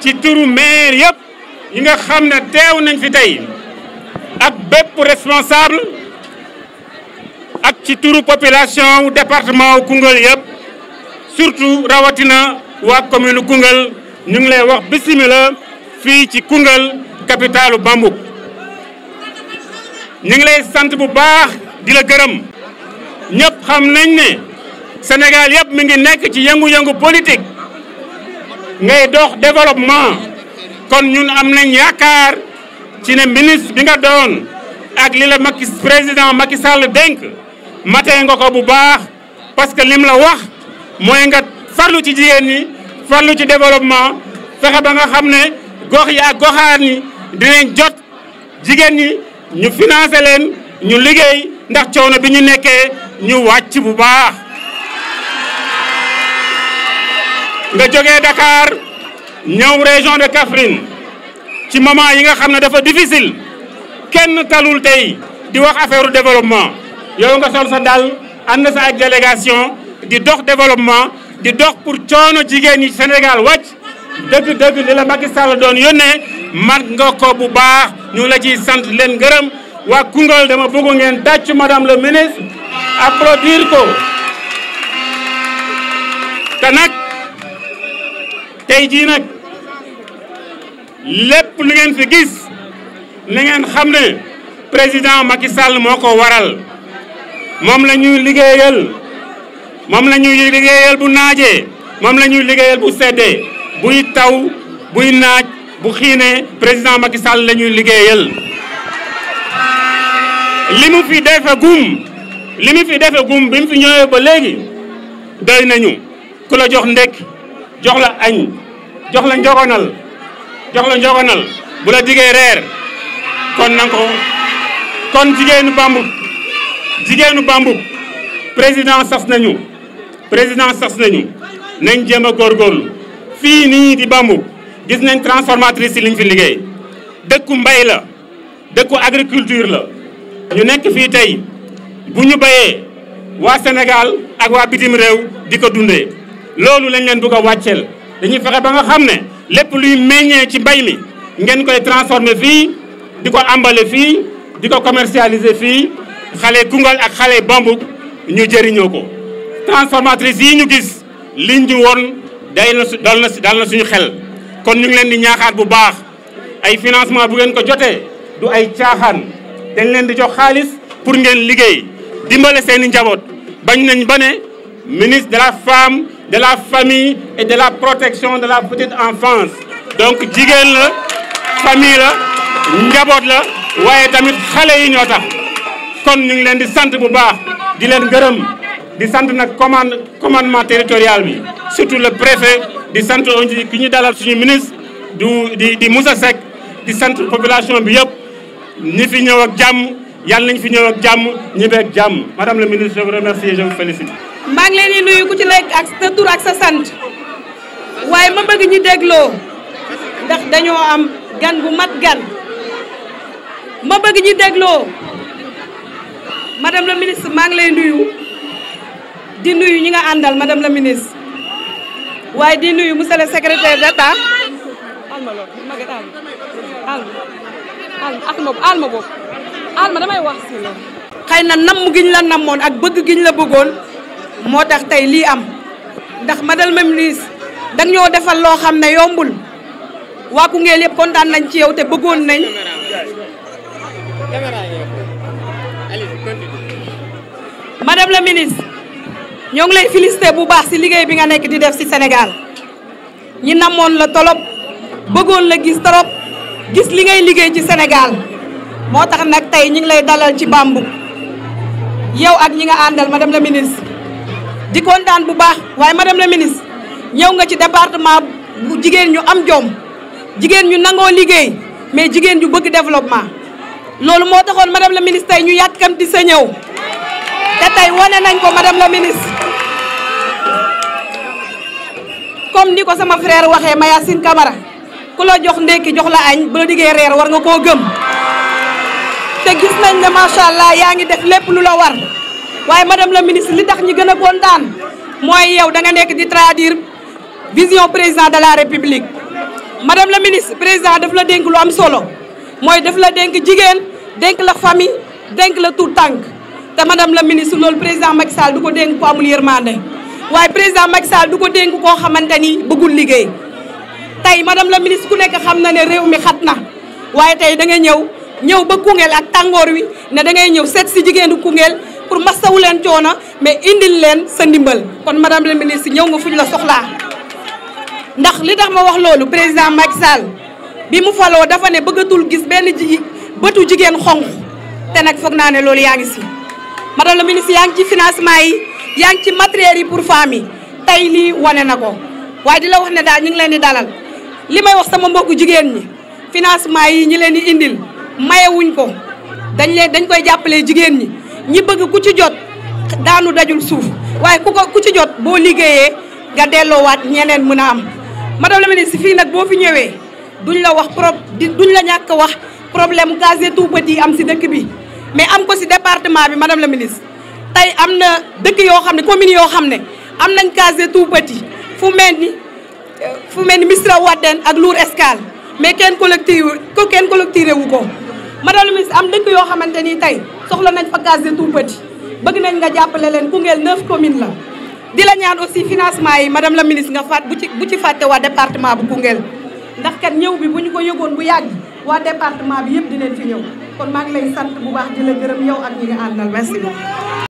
ci turu maire yëpp yi nga xam ne teew nañ fi tey ak bépp responsable ak ci turu population wu département wu Koungheul surtout rawatina waa commune Koungheul ñu ngi lay wax bisimila fii ci Koungheul capitalu Bambouk ñu ngi lay sant bu baax di la gërëm ñëpp xam nañ ne Sénégal yëpp mu ngi nekk ci yëngu-yëngu politique ngay dox développement kon ñun am nañ yaakaar ci ne ministre bi nga doon ak li la Macky président Macky Sall dénk matee nga ko bu baax parce que lim la wax mooy nga farlu ci jigéen ñi farlu ci développement fexe ba nga xam ne gox yi ak goxaan yi dinañ jot jigéen ñi ñu financé leen ñu liggéey ndax coono bi ñu nekkee ñu wàcc bu baax nga jógee Dakar ñëw région de Kaffrine ci moment yi nga xam ne dafa difficile kenn talul tey di wax affaire développement yow nga sol sa dal ànd sa ak délégation di dox développement di dox pour coono jigéen ñi Sénégal wàcc dëgg-dëgg li la Macky Sall doon yónnee mat nga ko bu baax ñu la ciy sant leen gërëm waa Koungheul dama bëgg ngeen tàcc madame le ministre applaudir ko te nag tey jii nag lépp lu ngeen fi gis na ngeen xam ne président Macky Sall moo ko waral moom la ñuy liggéeyal moom la ñuy liggéeyal bu naaje moom la ñuy liggéeyal bu seddee buy taw buy naaj bu xiinee président Macky Sall la ñuy liggéeyal li mu fi defe gum li mu fi defe gum bi mu fi ñëwee ba léegi doy nañu ku la jox ndekki jox la añ jox la njogonal joxla la njogonal bu la digee reer kon nanga kon jigéenu Bambouck jigéenu Bambouck président sas nañu président sas nañu nañ jéem a góor góorgóorlu fii nii di Bambouck gis nañ transformatrice yi liñ fi liggéey dëkku mbay la dëkku agriculture la ñu nekk fii tey bu ñu bayee waa Sénégal ak waa bitim réew di ko dundee loolu lañ leen bëgg a wàcceel dañuy fexe ba nga xam ne lépp luy meññee ci mbay mi ngeen koy transformer fii di ko ambale fii di ko commercialiser fii xale Koungheul ak xale Bambouck ñu jëriñoo ko transformatrice yi ñu gis liñ ñu woon day na dal na dal na suñu xel kon ñu leen di ñaaxaat bu baax ay financement bu ngeen ko jotee du ay caaxaan dañ leen di jox xaalis pour ngeen liggéey dimbale seen i njaboot bañ nañ ba ne ministre de la femme de la famille et de la protection de la petite enfance donc jigéen la famille la njaboot la waaye tamit xale yi ñoo tax kon ñu ngi leen di sant bu baax di leen gërëm di sant nag commande commandement territorial bi surtout le préfet di sant onji ki ñu dalal suñu ministre du di di Moussa Seck di sant population bi yëpp ñi fi ñëw ak jàmm yàlla nañ fi ñëw ak jàmm ñi beeg jàmm madame la ministre je vous remercie et je félicite maa ngi leen nuyu ku ci nekk ak sa tur ak sa sant waaye ma bëgg ñu dégloo ndax dañoo am gan bu mat gan ma bëgg ñu dégloo madame la ministre maa ngi lay nuyu di nuyu ñi nga àndal madame la ministre waaye di nuyu monsieur le secrétaire d'État alma lool magat alma alma damay wax si na namm la nammoon ak bëgg giñ la bëggoon moo tax tey lii am ndax madal même Louise dang ñoo defal loo xam ne yombul waa Koungheul yëpp kontaan nañ ci yow te bëggoon nañ madame la ministre ñoo ngi lay félicité bu baax ci liggéey bi nga nekk di def ci senegaal ñi namoon la tolop bëggoon la gis torop gis li ngay liggéey ci Sénégal moo tax nag tey ñu ngi lay dalal ci Bambouck yow ak ñi nga àndal madame la ministre di kontaan bu baax waaye madame la ministre ñëw nga ci département bu jigéen ñu am jom jigéen ñu nangoo liggéey mais jigéen ñu bëgg developpement loolu moo taxoon madame la ministre tey ñu di sa ñëw te tey wane nañ ko madame la ministre comme ni ko sama frère waxee Mayacine Camara ku la jox ndékki jox la añ ba la diggee reer war nga koo gëm te gis nañ ne macha allah yaa ngi def lépp lu la war waaye madame la ministre li tax ñi gën a kontaan mooy yow da nga nekk di traduire vision président de la république. madame la ministre président daf la dénk lu am solo mooy daf la dénk jigéen dénk la famille dénk la tout tànk te madame la ministre loolu président Macky Sall du ko dénk ko amul yërmande waaye président Macky Sall du ko dénk koo xamante ni bëggul liggéey tey madame la ministre ku nekk xam na ne réew mi xat na waaye tey dangay ñëw ñëw ba Koungheul ak tàngoor wi ne da ngay ñëw seet si jigéenu Koungheul pour masawu leen coono mais indil leen sa ndimbal kon madame la ministre ñëw nga fu ñu la soxlaa. ndax li tax ma wax loolu président Macky Sall bi mu faloo dafa ne bëggatul gis benn ji bëtu jigéen xonq te nag foog naa ne loolu yaa ngi si. madame la ministre yaa ngi ci financement yi yaa ngi ci matériel yi pour femmes yi tey lii wane na ko waaye di la wax ne daal ñu ngi leen di dalal li may wax sama mbokku jigéen ñi financement yi ñi leen di indil mayewuñ ko dañ leen dañ koy jàppale jigéen ñi. ñi bëgg ku ci jot daanu dajul suuf waaye ku ko ku ci jot boo liggéeyee nga delloowaat ñeneen mën a am. madame la ministre fii nag boo fi ñëwee ñu la wax pro duñ la ñàkk wax problème gaz des tout-petits am si dëkk bi mais am ko si département bi madame la ministre. tey am na dëkk yoo xam ne communes yoo xam ne am nañ gaz des tout-petits fu mel ni euh, fu mel ni Missirah Wadène ak Lour Escale mais kenn collecté wu kenn collecté wu ko madame la ministre am dëkk yoo xamante ni tey. soxla nañ fa case des tout-petits bëgg nañ nga jàppale leen Koungheul neuf commune la di la ñaan aussi financement yi madame la ministre nga fàtt bu ci bu ci fàtte waa département bu Koungheul ndax kat ñëw bi bu ñu ko yëgoon bu yàgg waa département bi yëpp dinañ fi ñëw kon maa ngi lay sant bu baax di la gërëm yow ak ñi nga àndal merci beaucoup